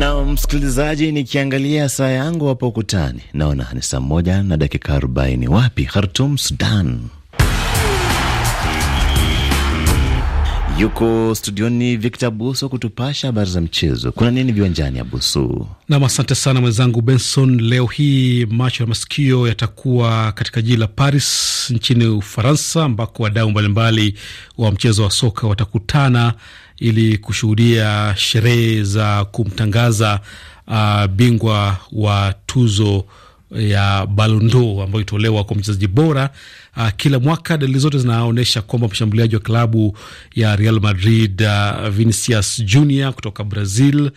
Na msikilizaji, nikiangalia saa yangu hapo ukutani naona ni saa moja na dakika arobaini. Wapi? Khartum, Sudan. Yuko studioni Victor buso kutupasha habari za mchezo. Kuna nini viwanjani, Abuso? Nam, asante sana mwenzangu Benson. Leo hii macho ya masikio yatakuwa katika jiji la Paris nchini Ufaransa, ambako wadau mbalimbali wa mchezo wa soka watakutana ili kushuhudia sherehe za kumtangaza uh, bingwa wa tuzo ya Balondo ambayo itolewa kwa mchezaji bora uh, kila mwaka. Dalili zote zinaonyesha kwamba mshambuliaji wa klabu ya Real Madrid uh, Vinicius Junior kutoka Brazil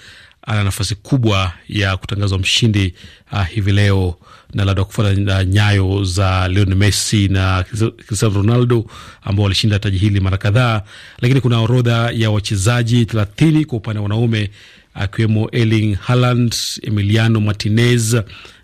ana nafasi kubwa ya kutangazwa mshindi uh, hivi leo na labda kufuata nyayo za Lionel Messi na Cristiano Ronaldo ambao walishinda taji hili mara kadhaa, lakini kuna orodha ya wachezaji thelathini kwa upande wa wanaume akiwemo Erling Haaland, Emiliano Martinez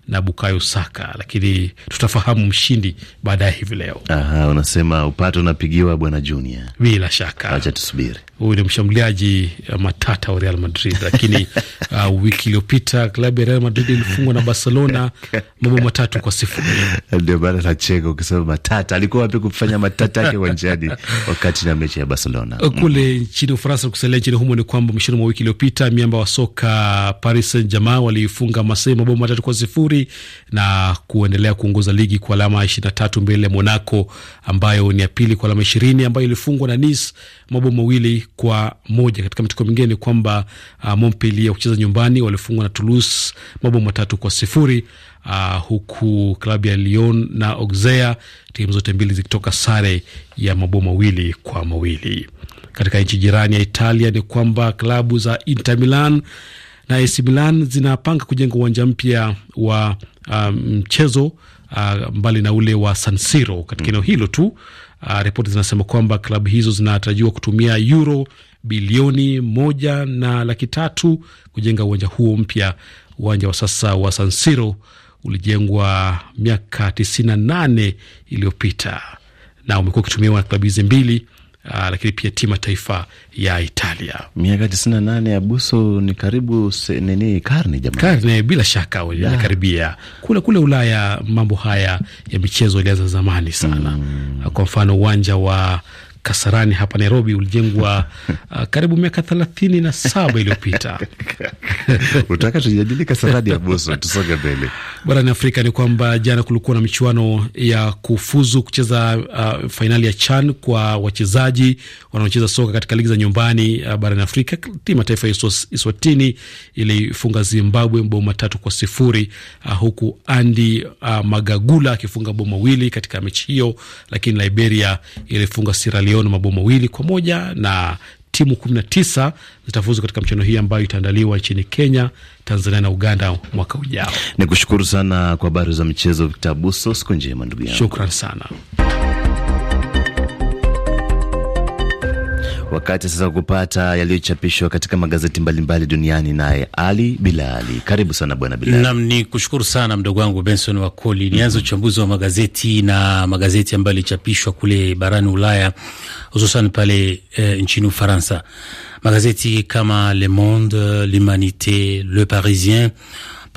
na Bukayo Saka, lakini tutafahamu mshindi baadaye hivi leo. Aha, unasema upate unapigiwa bwana Junior, bila shaka, acha tusubiri. Huyu ni mshambuliaji uh, matata wa Real Madrid, lakini uh, wiki iliyopita klabu ya Real Madrid ilifungwa na Barcelona mambo matatu kwa sifuri. Ndio bana nacheka ukisema matata. Alikuwa wapi kufanya matata yake uwanjani wakati na mechi ya Barcelona uh, kule mm. nchini Ufaransa. Kusalia nchini humo ni kwamba mwishoni mwa wiki iliyopita miamba wa soka Paris Saint Germain waliifunga Marseille mabao matatu kwa sifuri mbili na kuendelea kuongoza ligi kwa alama na tatu mbele ya Monaco ambayo ni ya pili kwa alama ishirini ambayo ilifungwa na Nice mabao mawili kwa moja. Katika matokeo mingine ni kwamba uh, Montpellier kucheza nyumbani walifungwa na Toulouse mabao matatu kwa sifuri. Uh, huku klabu ya Lyon na Auxerre timu zote mbili zikitoka sare ya mabao mawili kwa mawili. Katika nchi jirani ya Italia ni kwamba klabu za Inter Milan na AC Milan zinapanga kujenga uwanja mpya wa um, mchezo um, uh, mbali na ule wa San Siro katika eneo mm. hilo tu. Uh, ripoti zinasema kwamba klabu hizo zinatarajiwa kutumia euro bilioni moja na laki tatu kujenga uwanja huo mpya. Uwanja wa sasa wa San Siro ulijengwa miaka 98 iliyopita na umekuwa ukitumiwa na klabu hizi mbili Uh, lakini pia timu taifa ya Italia. Miaka tisini na nane ya Buso ni karibu nini, karne jamani, karne bila shaka inakaribia. Kule kule Ulaya mambo haya ya michezo ilianza zamani sana mm. Kwa mfano uwanja wa Kasarani hapa Nairobi ulijengwa uh, karibu miaka thelathini na saba iliyopita. Utaka tujadili Kasarani ya Boso, tusonge mbele. Barani Afrika ni kwamba jana kulikuwa na michuano ya kufuzu kucheza uh, fainali ya CHAN kwa wachezaji wanaocheza soka katika ligi za nyumbani uh, barani Afrika. Timu ya taifa ya Iswatini ilifunga Zimbabwe mabao matatu kwa sifuri uh, huku andi uh, Magagula akifunga mbao mawili katika mechi hiyo, lakini Liberia ilifunga Sierra Leon mabao mawili kwa moja na timu 19 zitafuzu katika mchano hii ambayo itaandaliwa nchini Kenya, Tanzania na Uganda mwaka ujao. Nikushukuru sana kwa habari za michezo Victor Buso. Siku njema ndugu yangu, shukran sana. Wakati sasa kupata yaliyochapishwa katika magazeti mbalimbali mbali duniani, naye Ali Bilali, karibu sana bwana Bilali. Nam ni kushukuru sana mdogo wangu Benson Wakoli. Mm-hmm. Nianze mm -hmm. uchambuzi wa magazeti na magazeti ambayo yalichapishwa kule barani Ulaya, hususan pale e, nchini Ufaransa, magazeti kama Le Monde, L'Humanite, Le Parisien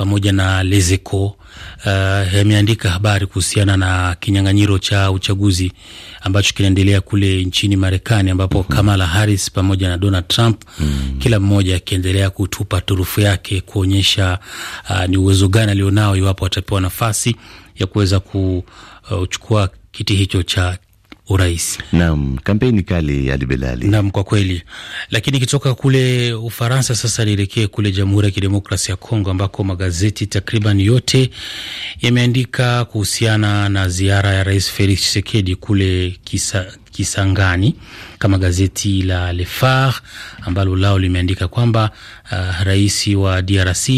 pamoja na Lezeko uh, yameandika habari kuhusiana na kinyang'anyiro cha uchaguzi ambacho kinaendelea kule nchini Marekani, ambapo Kamala Harris pamoja na Donald Trump mm, kila mmoja akiendelea kutupa turufu yake kuonyesha uh, ni uwezo gani alionao iwapo atapewa nafasi ya kuweza kuchukua kiti hicho cha urais. Naam, kampeni kali ya Belali. Naam, kwa kweli. Lakini kitoka kule Ufaransa sasa nielekee kule Jamhuri ya Kidemokrasia ya Kongo ambako magazeti takriban yote yameandika kuhusiana na ziara ya Rais Felix Tshisekedi kule kisa, Kisangani kama gazeti la Le Phare ambalo lao limeandika kwamba uh, rais wa DRC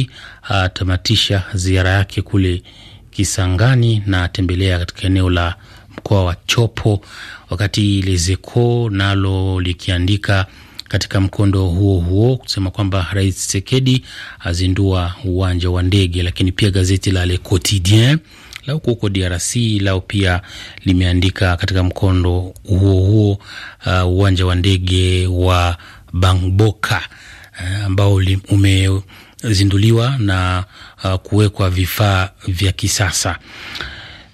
atamatisha uh, ziara yake kule Kisangani na atembelea katika eneo la mkoa wa Chopo, wakati Lezeko nalo likiandika katika mkondo huo huo kusema kwamba Rais Tshisekedi azindua uwanja wa ndege. Lakini pia gazeti la Le Quotidien la huko huko DRC lao pia limeandika katika mkondo huo huo uh, uwanja wa ndege wa Bangboka uh, ambao umezinduliwa na uh, kuwekwa vifaa vya kisasa.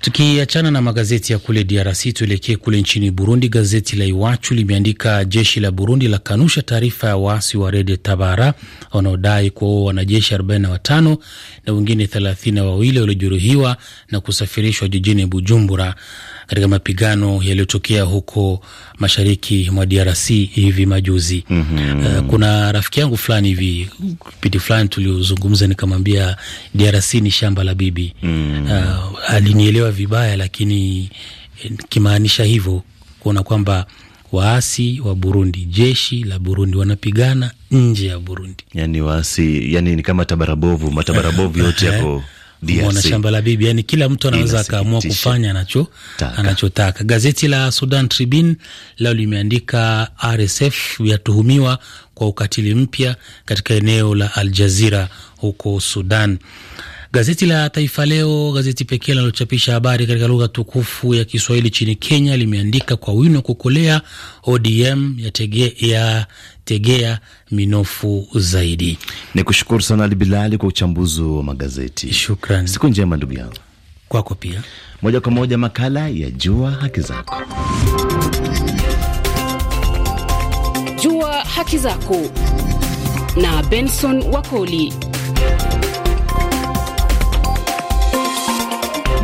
Tukiachana na magazeti ya kule DRC tuelekee kule nchini Burundi. Gazeti la Iwachu limeandika jeshi la Burundi la kanusha taarifa ya waasi wa Rede Tabara wanaodai kuwaua wanajeshi 45 na wengine 32 waliojeruhiwa na kusafirishwa jijini Bujumbura katika mapigano yaliyotokea huko mashariki mwa DRC hivi majuzi. mm -hmm. Uh, kuna rafiki yangu fulani hivi kipindi fulani tuliozungumza, nikamwambia DRC ni shamba la bibi. mm -hmm. Uh, alinielewa vibaya, lakini kimaanisha hivyo kuona kwamba waasi wa Burundi, jeshi la Burundi wanapigana nje ya Burundi, yani waasi, yani ni kama tabarabovu, matabarabovu yote yako mwana shamba la bibi, yani kila mtu anaweza akaamua kufanya anacho anachotaka. Gazeti la Sudan Tribune lao limeandika RSF yatuhumiwa kwa ukatili mpya katika eneo la Al Jazira huko Sudan. Gazeti la Taifa Leo, gazeti pekee linalochapisha habari katika lugha tukufu ya Kiswahili chini Kenya, limeandika kwa wino kukolea, ODM yategea tegea minofu zaidi. Ni kushukuru sana Ali Bilali kwa uchambuzi wa magazeti. Shukran, siku njema ndugu yangu. Kwako pia. Moja kwa moja makala ya Jua Haki Zako. Jua Haki Zako na Benson Wakoli.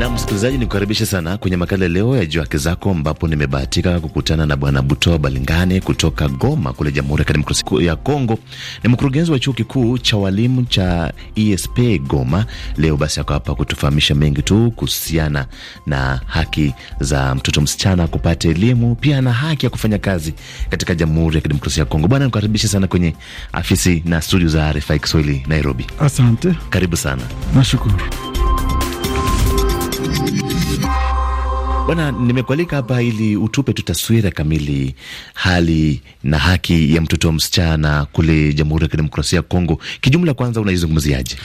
Na msikilizaji, ni sana kwenye makala leo ya Jua Haki Zako, ambapo nimebahatika kukutana na Bwana Butoa Balingane kutoka Goma kule Jamhuri ya Kidemokrasia ya Kongo. Ni mkurugenzi wa chuo kikuu cha walimu cha ESP Goma. Leo basi ako hapa kutufahamisha mengi tu kuhusiana na haki za mtoto msichana kupata elimu, pia na haki ya kufanya kazi katika Jamhuri ya Kidemokrasia ya Kongo. Bwana, nikukaribishe sana kwenye afisi na studio za RFI Kiswahili Nairobi. Asante, karibu sana. Nashukuru. Bwana, nimekualika hapa ili utupe tu taswira kamili hali na haki ya mtoto wa msichana kule Jamhuri ya Kidemokrasia ya Kongo. Kijumla kwanza, unaizungumziaje?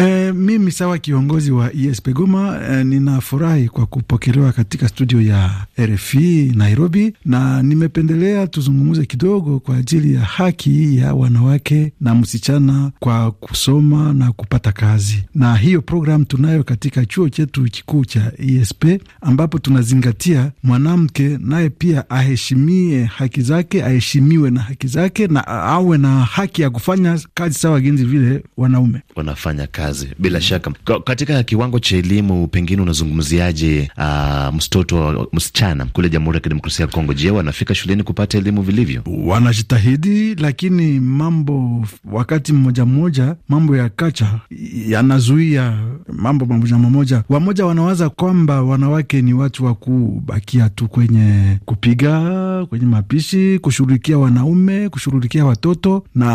E, mimi sawa kiongozi wa ESP Goma e, ninafurahi kwa kupokelewa katika studio ya RFI Nairobi, na nimependelea tuzungumze kidogo kwa ajili ya haki ya wanawake na msichana kwa kusoma na kupata kazi, na hiyo programu tunayo katika chuo chetu kikuu cha ESP ambapo tunazingatia mwanamke naye pia aheshimie haki zake, aheshimiwe na haki zake, na awe na haki ya kufanya kazi sawa ginzi vile wanaume wanafanya kazi kazi bila shaka. K katika kiwango cha elimu, pengine unazungumziaje uh, mtoto msichana kule Jamhuri ya Kidemokrasia ya Kongo? Je, wanafika shuleni kupata elimu vilivyo? Wanajitahidi, lakini mambo wakati mmoja mmoja, mambo ya kacha yanazuia mambo mamoja mamoja. Wamoja wanawaza kwamba wanawake ni watu wa kubakia tu kwenye kupiga, kwenye mapishi, kushughulikia wanaume, kushughulikia watoto, na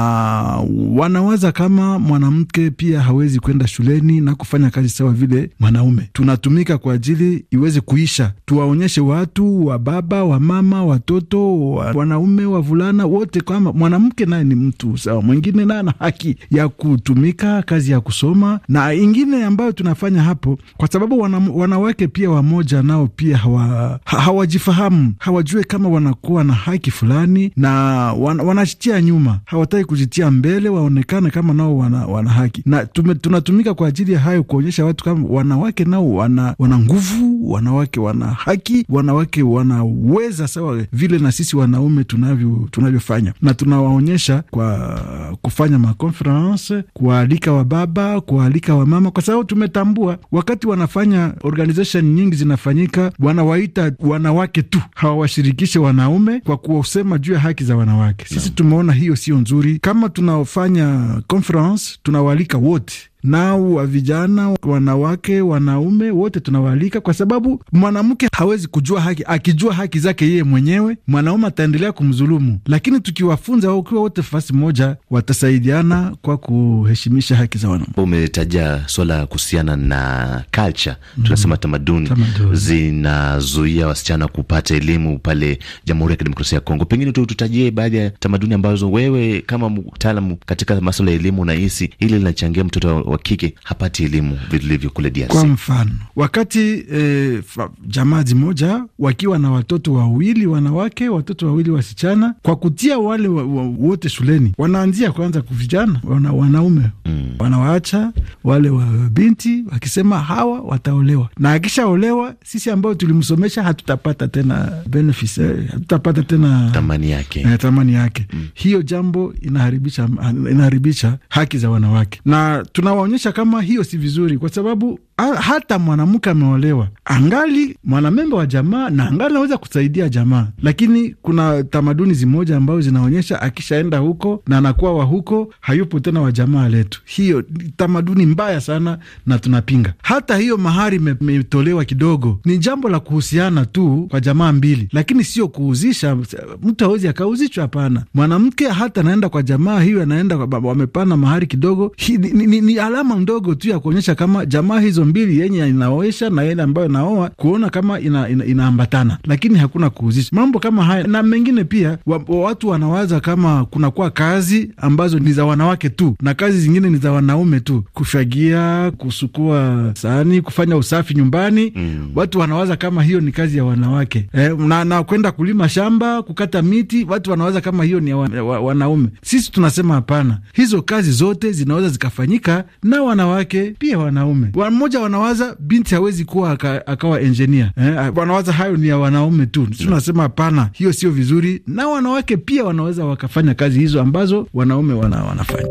wanawaza kama mwanamke pia hawezi kwenda shuleni na kufanya kazi sawa vile mwanaume. Tunatumika kwa ajili iweze kuisha, tuwaonyeshe watu wa baba, wa mama, watoto, wa wanaume, wavulana wote kama mwanamke naye ni mtu sawa mwingine, naye ana haki ya kutumika kazi ya kusoma na ingine ambayo tunafanya hapo, kwa sababu wana, wanawake pia wamoja nao pia hawa, hawajifahamu hawajue kama wanakuwa na haki fulani na wan, wanajitia nyuma, hawataki kujitia mbele waonekane kama nao wana, wana haki na tume tunatumika kwa ajili ya hayo, kuonyesha watu kama wanawake nao wana, wana nguvu, wanawake wana haki, wanawake wanaweza sawa vile na sisi wanaume tunavyo tunavyofanya, na tunawaonyesha kwa kufanya makonferense, kuwaalika wababa, kuwaalika wamama, kwa sababu tumetambua wakati wanafanya organization nyingi zinafanyika, wanawaita wanawake tu, hawawashirikishe wanaume kwa kuwasema juu ya haki za wanawake. Sisi tumeona hiyo sio nzuri. Kama tunaofanya conference tunawaalika wote nao wa vijana, wanawake, wanaume wote tunawaalika, kwa sababu mwanamke hawezi kujua haki. Akijua haki zake yeye mwenyewe, mwanaume ataendelea kumdhulumu, lakini tukiwafunza, ukiwa wote fasi moja, watasaidiana kwa kuheshimisha haki za wanaume. Umetaja swala kuhusiana na culture, tunasema tamaduni, tamaduni zinazuia wasichana kupata elimu pale Jamhuri ya Kidemokrasia ya Kongo. Pengine tu tutajie baadhi ya tamaduni ambazo wewe kama mtaalamu katika masuala ya elimu unahisi hili linachangia mtoto wa kike hapati elimu vilivyo kule DRC. Kwa mfano wakati e, jamaa zimoja wakiwa na watoto wawili wanawake, watoto wawili wasichana, kwa kutia wale wa, wa, wote shuleni, wanaanzia kwanza kuvijana wana, wanaume mm. wanawaacha wale wa binti wakisema hawa wataolewa, na akishaolewa sisi ambao tulimsomesha hatutapata tena benefits, eh, hatutapata tena thamani yake, eh, thamani yake. Mm. Hiyo jambo inaharibisha, inaharibisha haki za wanawake na tuna waonyesha kama hiyo si vizuri, kwa sababu hata mwanamke ameolewa angali mwanamemba wa jamaa na angali naweza kusaidia jamaa, lakini kuna tamaduni zimoja ambazo zinaonyesha akishaenda huko na anakuwa wa huko, hayupo tena wa jamaa letu. Hiyo tamaduni mbaya sana na tunapinga. Hata hiyo mahari imetolewa kidogo, ni jambo la kuhusiana tu kwa jamaa mbili, lakini sio kuuzisha. Mtu awezi akauzishwa, hapana. Mwanamke hata anaenda kwa jamaa hiyo, anaenda wamepana mahari kidogo, ni, ni, ni alama ndogo tu ya kuonyesha kama jamaa hizo hizo mbili, yenye inaoesha na ile ambayo inaoa, kuona kama ina, ina, inaambatana, lakini hakuna kuhusisha mambo kama haya na mengine pia. Wa, watu wanawaza kama kunakuwa kazi ambazo ni za wanawake tu na kazi zingine ni za wanaume tu, kufagia, kusukua sahani, kufanya usafi nyumbani mm. Watu wanawaza kama hiyo ni kazi ya wanawake eh, na, na kwenda kulima shamba, kukata miti, watu wanawaza kama hiyo ni ya wa, wa, wanaume. Sisi tunasema hapana, hizo kazi zote zinaweza zikafanyika na wanawake pia wanaume. Wamoja moja wanawaza binti hawezi kuwa akawa engineer eh, wanawaza hayo ni ya wanaume tu. Sisi tunasema hapana, hiyo sio vizuri, na wanawake pia wanaweza wakafanya kazi hizo ambazo wanaume wana, wanafanya.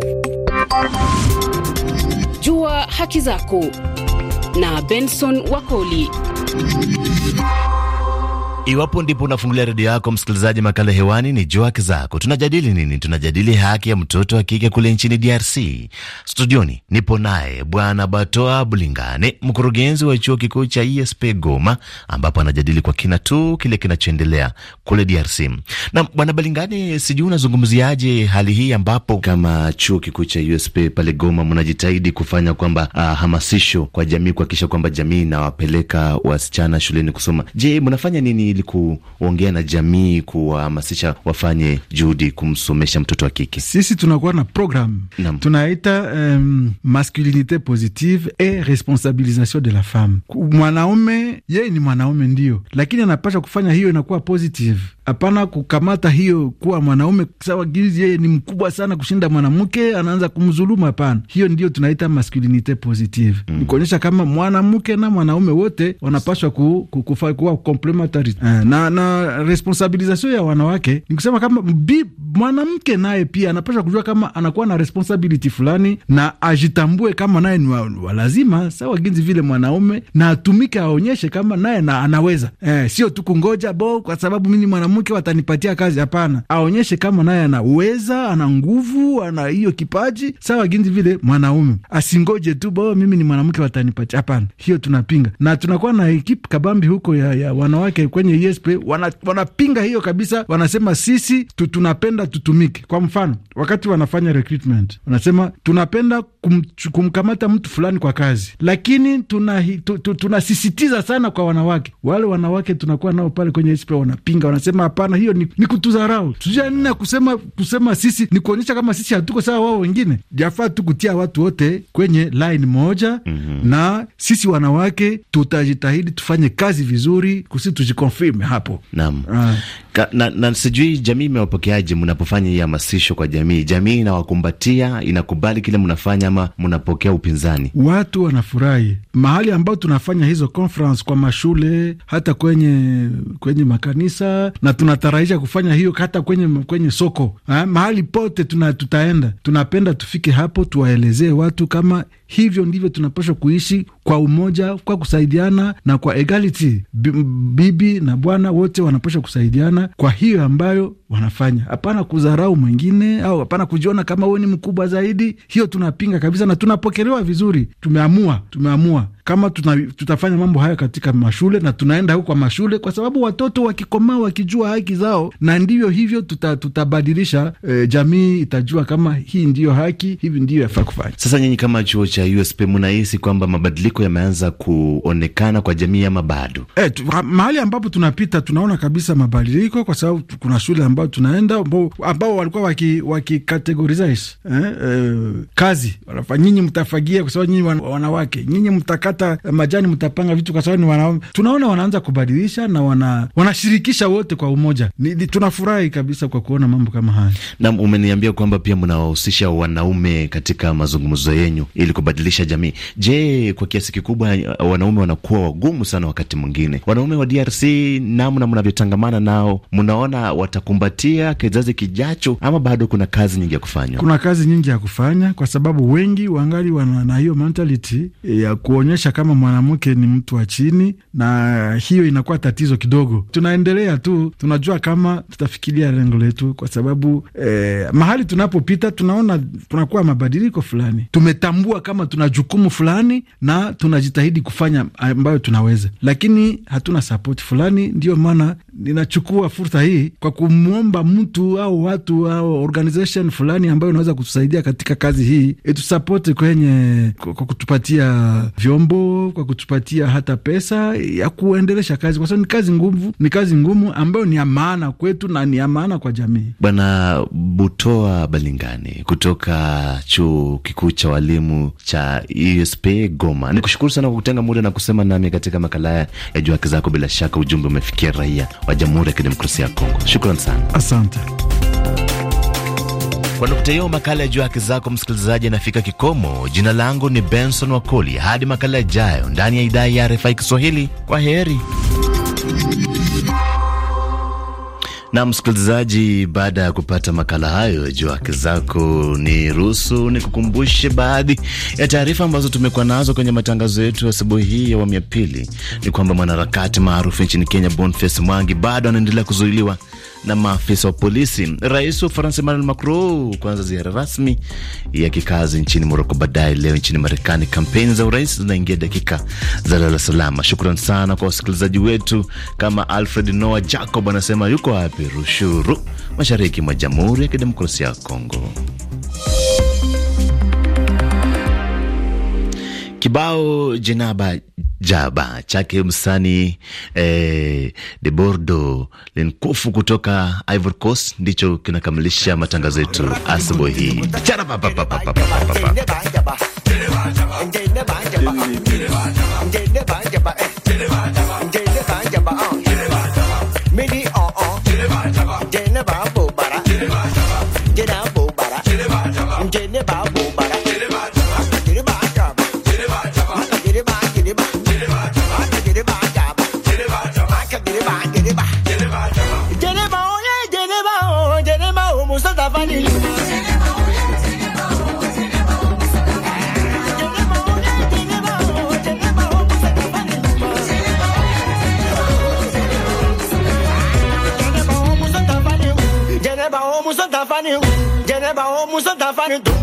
Jua haki zako na Benson Wakoli. Iwapo ndipo unafungulia redio yako, msikilizaji, makala hewani ni jua haki zako. Tunajadili nini? Tunajadili haki ya mtoto wa kike kule nchini DRC. Studioni nipo naye Bwana Batoa Bulingane, mkurugenzi wa chuo kikuu cha ESP Goma, ambapo anajadili kwa kina tu kile kinachoendelea kule DRC. Na Bwana Bulingane, sijui unazungumziaje hali hii ambapo kama chuo kikuu cha USP e pale Goma mnajitahidi kufanya kwamba uh, hamasisho kwa jamii kuhakikisha kwamba jamii inawapeleka wasichana shuleni kusoma. Je, mnafanya nini ili kuongea na jamii, kuwahamasisha wafanye juhudi kumsomesha mtoto wa kike? Sisi tunakuwa na program tunaita um, masculinite positive et responsabilisation de la femme. Mwanaume yeye ni mwanaume ndio, lakini anapasha kufanya hiyo inakuwa positive hapana kukamata hiyo kuwa mwanaume sawa gizi yeye ni mkubwa sana kushinda mwanamke, anaanza kumzuluma. Hapana, hiyo ndio tunaita masculinite positive mm. Nikuonyesha kama mwanamke na mwanaume wote wanapashwa ku, ku, kufa, kuwa complementary eh, na, na responsabilizasio ya wanawake ni kusema kama bi, mwanamke naye pia anapashwa kujua kama anakuwa na responsibility fulani na ajitambue kama naye ni walazima sawa ginzi vile mwanaume na atumike, aonyeshe kama naye na anaweza eh, sio tu kungoja bo kwa sababu mimi mwanamke mke watanipatia kazi. Hapana, aonyeshe kama naye anaweza, ana nguvu, ana hiyo kipaji sawa ginzi vile mwanaume. Asingoje tu bo, mimi ni mwanamke watanipatia. Hapana, hiyo tunapinga, na tunakuwa na ekipe kabambi huko ya, ya wanawake kwenye ESP wana, wanapinga hiyo kabisa. Wanasema sisi tunapenda tutumike. Kwa mfano wakati wanafanya recruitment wanasema tunapenda kum, kumkamata mtu fulani kwa kazi, lakini tunasisitiza tuna sana kwa wanawake. Wale wanawake tunakuwa nao pale kwenye SP wanapinga, wanasema hapana, hiyo ni, ni kutudharau. Tujua nini ya kusema, kusema sisi ni kuonyesha kama sisi hatuko sawa wao wengine. Jafaa tu kutia watu wote kwenye line moja mm -hmm. na sisi wanawake tutajitahidi tufanye kazi vizuri kusi tujikonfirme hapo. Ah. Ka, na, na sijui jamii imewapokeaje mnapofanya hii hamasisho kwa jamii? Jamii inawakumbatia, inakubali kile mnafanya ama mnapokea upinzani? Watu wanafurahi mahali ambao tunafanya hizo conference kwa mashule, hata kwenye kwenye makanisa, na tunatarahisha kufanya hiyo hata kwenye kwenye soko ha? mahali pote tuna, tutaenda tunapenda tufike hapo, tuwaelezee watu kama hivyo ndivyo tunapaswa kuishi kwa umoja, kwa kusaidiana na kwa egality. Bibi na bwana wote wanapaswa kusaidiana kwa hiyo ambayo wanafanya, hapana kudharau mwingine au hapana kujiona kama wewe ni mkubwa zaidi. Hiyo tunapinga kabisa, na tunapokelewa vizuri. Tumeamua, tumeamua kama tuna, tutafanya mambo haya katika mashule na tunaenda huko kwa mashule, kwa sababu watoto wakikomaa wakijua haki zao, na ndivyo hivyo tuta, tutabadilisha e, jamii itajua kama hii ndiyo haki, hivi ndiyo yafaa kufanya. Sasa nyinyi kama chuo cha USP mnahisi kwamba mabadiliko yameanza kuonekana kwa jamii ama bado? E, tu, mahali ambapo tunapita tunaona kabisa mabadiliko, kwa sababu kuna shule ambayo tunaenda ambao walikuwa wakikategorize waki eh, eh, kazi nyinyi mtafagia, kwa sababu nyinyi wanawake nyinyi mtaka mtakata majani, mtapanga vitu kwa sababu ni wanaume. Tunaona wanaanza kubadilisha na wana, wanashirikisha wote kwa umoja. Tunafurahi kabisa kwa kuona mambo kama haya. Nam, umeniambia kwamba pia mnawahusisha wanaume katika mazungumzo yenyu ili kubadilisha jamii. Je, kwa kiasi kikubwa uh, wanaume wanakuwa wagumu sana wakati mwingine? Wanaume wa DRC, namna mnavyotangamana nao, mnaona watakumbatia kizazi kijacho, ama bado kuna kazi nyingi ya kufanya? Kuna kazi nyingi ya kufanya, kwa sababu wengi wangali wana na hiyo mentality ya kuonyesha kuonyesha kama mwanamke ni mtu wa chini, na hiyo inakuwa tatizo kidogo. Tunaendelea tu, tunajua kama tutafikiria lengo letu, kwa sababu eh, mahali tunapopita tunaona kunakuwa mabadiliko fulani. Tumetambua kama tuna jukumu fulani na tunajitahidi kufanya ambayo tunaweza, lakini hatuna sapoti fulani, ndiyo maana ninachukua fursa hii kwa kumwomba mtu au watu au organization fulani ambayo unaweza kutusaidia katika kazi hii itusapoti kwenye kwa kutupatia vyombo, kwa kutupatia hata pesa ya kuendelesha kazi, kwa sababu ni kazi ngumu, ni kazi ngumu ambayo ni ya maana kwetu na ni ya maana kwa jamii. Bwana Butoa Balingani kutoka Chuo Kikuu cha Walimu cha USP Goma, ni kushukuru sana kwa kutenga muda na kusema nami katika makala ya Jua Haki Zako. Bila shaka ujumbe umefikia raia wa Jamhuri ya Kidemokrasia ya Kongo. Shukran sana, asante. Kwa nukta hiyo, makala ya Jua Haki Zako, msikilizaji, anafika kikomo. Jina langu ni Benson Wakoli. Hadi makala yajayo ndani ya idhaa ya RFI Kiswahili, kwa heri. Na msikilizaji, baada ya kupata makala hayo juu haki zako, ni ruhusu kukumbushe baadhi ya taarifa ambazo tumekuwa nazo kwenye matangazo yetu asubuhi hii ya awamu ya pili. Ni kwamba mwanaharakati maarufu nchini Kenya Boniface Mwangi bado anaendelea kuzuiliwa na maafisa wa polisi. Rais wa Ufaransa Emmanuel Macron kuanza ziara rasmi ya kikazi nchini Moroko baadaye leo nchini Marekani. Kampeni za urais zinaingia dakika za lala salama. Shukran sana kwa wasikilizaji wetu, kama Alfred Noa Jacob anasema yuko wapi Rushuru, mashariki mwa Jamhuri ya Kidemokrasia ya Kongo. Kibao jenaba jaba chake msani eh, de Bordo linkufu kutoka Ivory Coast ndicho kinakamilisha matangazo yetu asubuhi hii. 我身打扮人多。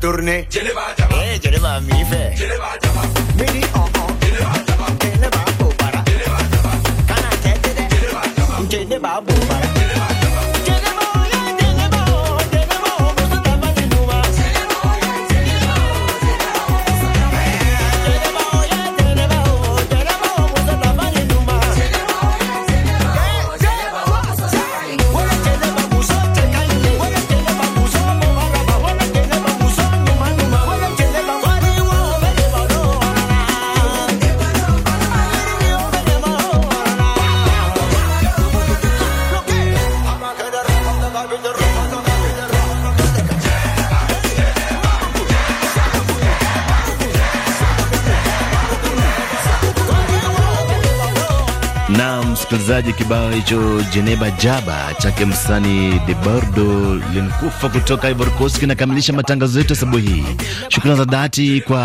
tourner. Je ne vais msikilizaji, kibao hicho Jeneba Jaba chake msani De Bordo linkufa kutoka Ivory Coast kinakamilisha matangazo yetu asubuhi hii. Shukrani za dhati kwa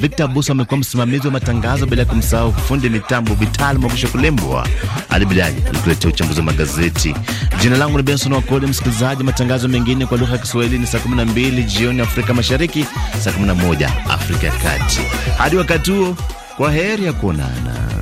Victor Buso, amekuwa msimamizi wa matangazo, bila ya kumsahau fundi mitambo Vital Mwakusho Kulembwa. Ali Bilaji alikuletea uchambuzi wa magazeti. Jina langu ni Benson Wakoli. Msikilizaji, matangazo mengine kwa lugha ya Kiswahili ni saa 12 jioni Afrika Mashariki, saa 11 Afrika ya Kati. Hadi wakati huo, kwa heri ya kuonana.